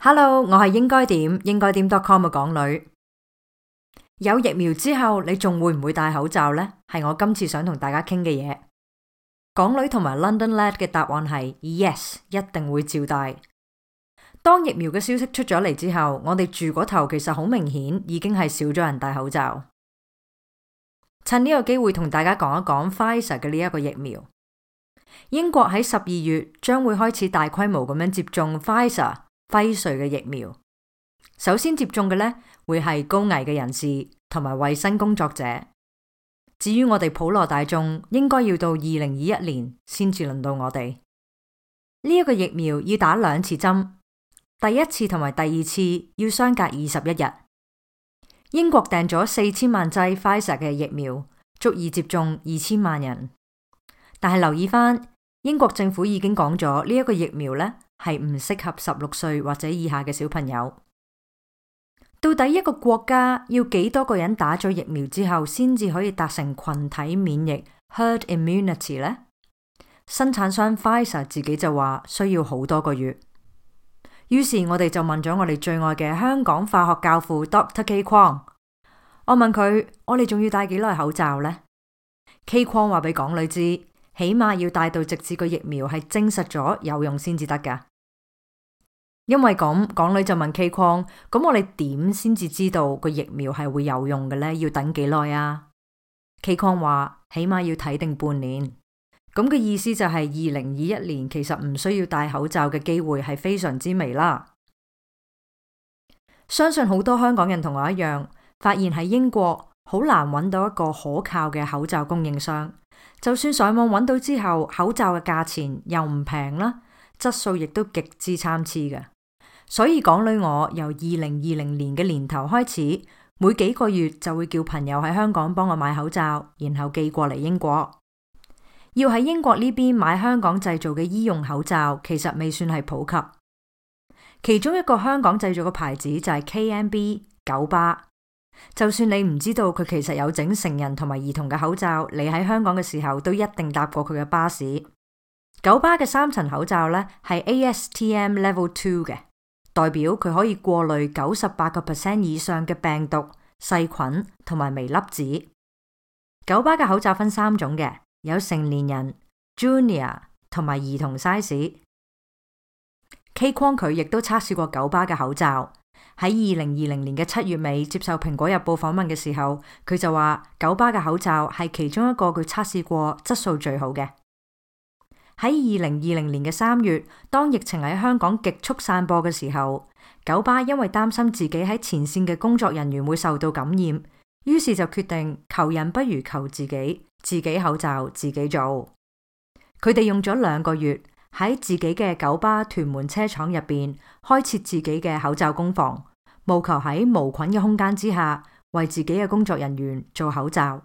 Hello，我係應該點應該點 .com 嘅港女。有疫苗之後，你仲會唔會戴口罩呢？係我今次想同大家傾嘅嘢。港女同埋 London lad 嘅答案係 yes，一定會照戴。當疫苗嘅消息出咗嚟之後，我哋住嗰頭其實好明顯已經係少咗人戴口罩。趁呢個機會同大家講一講 Pfizer 嘅呢一個疫苗。英國喺十二月將會開始大規模咁樣接種 Pfizer。輝瑞嘅疫苗，首先接種嘅呢，會係高危嘅人士同埋衛生工作者。至於我哋普羅大眾，應該要到二零二一年先至輪到我哋。呢一個疫苗要打兩次針，第一次同埋第二次要相隔二十一日。英國訂咗四千萬劑輝瑞嘅疫苗，足以接種二千萬人。但係留意翻，英國政府已經講咗呢一個疫苗呢。係唔適合十六歲或者以下嘅小朋友。到底一個國家要幾多個人打咗疫苗之後，先至可以達成群體免疫 （herd immunity） 呢？生產商 Pfizer 自己就話需要好多個月。於是我哋就問咗我哋最愛嘅香港化學教父 Doctor K 框。我問佢：我哋仲要戴幾耐口罩呢？」K 框話俾港女知。起碼要帶到直至個疫苗係證實咗有用先至得㗎，因為咁港女就問 K Kong，咁我哋點先至知道個疫苗係會有用嘅呢？要等幾耐啊？K Kong 話起碼要睇定半年，咁嘅意思就係二零二一年其實唔需要戴口罩嘅機會係非常之微啦。相信好多香港人同我一樣，發現喺英國好難揾到一個可靠嘅口罩供應商。就算上網揾到之後，口罩嘅價錢又唔平啦，質素亦都極之參差嘅。所以港女我由二零二零年嘅年頭開始，每幾個月就會叫朋友喺香港幫我買口罩，然後寄過嚟英國。要喺英國呢邊買香港製造嘅醫用口罩，其實未算係普及。其中一個香港製造嘅牌子就係 KMB 九巴。就算你唔知道佢其實有整成人同埋兒童嘅口罩，你喺香港嘅時候都一定搭過佢嘅巴士。九巴嘅三層口罩呢，係 ASTM Level Two 嘅，代表佢可以過濾九十八個 percent 以上嘅病毒、細菌同埋微粒子。九巴嘅口罩分三種嘅，有成年人、Junior 同埋兒童 size。K Kwong 佢亦都測試過九巴嘅口罩。喺二零二零年嘅七月尾接受蘋果日報訪問嘅時候，佢就話九巴嘅口罩係其中一個佢測試過質素最好嘅。喺二零二零年嘅三月，當疫情喺香港極速散播嘅時候，九巴因為擔心自己喺前線嘅工作人員會受到感染，於是就決定求人不如求自己，自己口罩自己做。佢哋用咗兩個月。喺自己嘅九巴屯門車廠入邊，開設自己嘅口罩工房，務求喺無菌嘅空間之下，為自己嘅工作人員做口罩。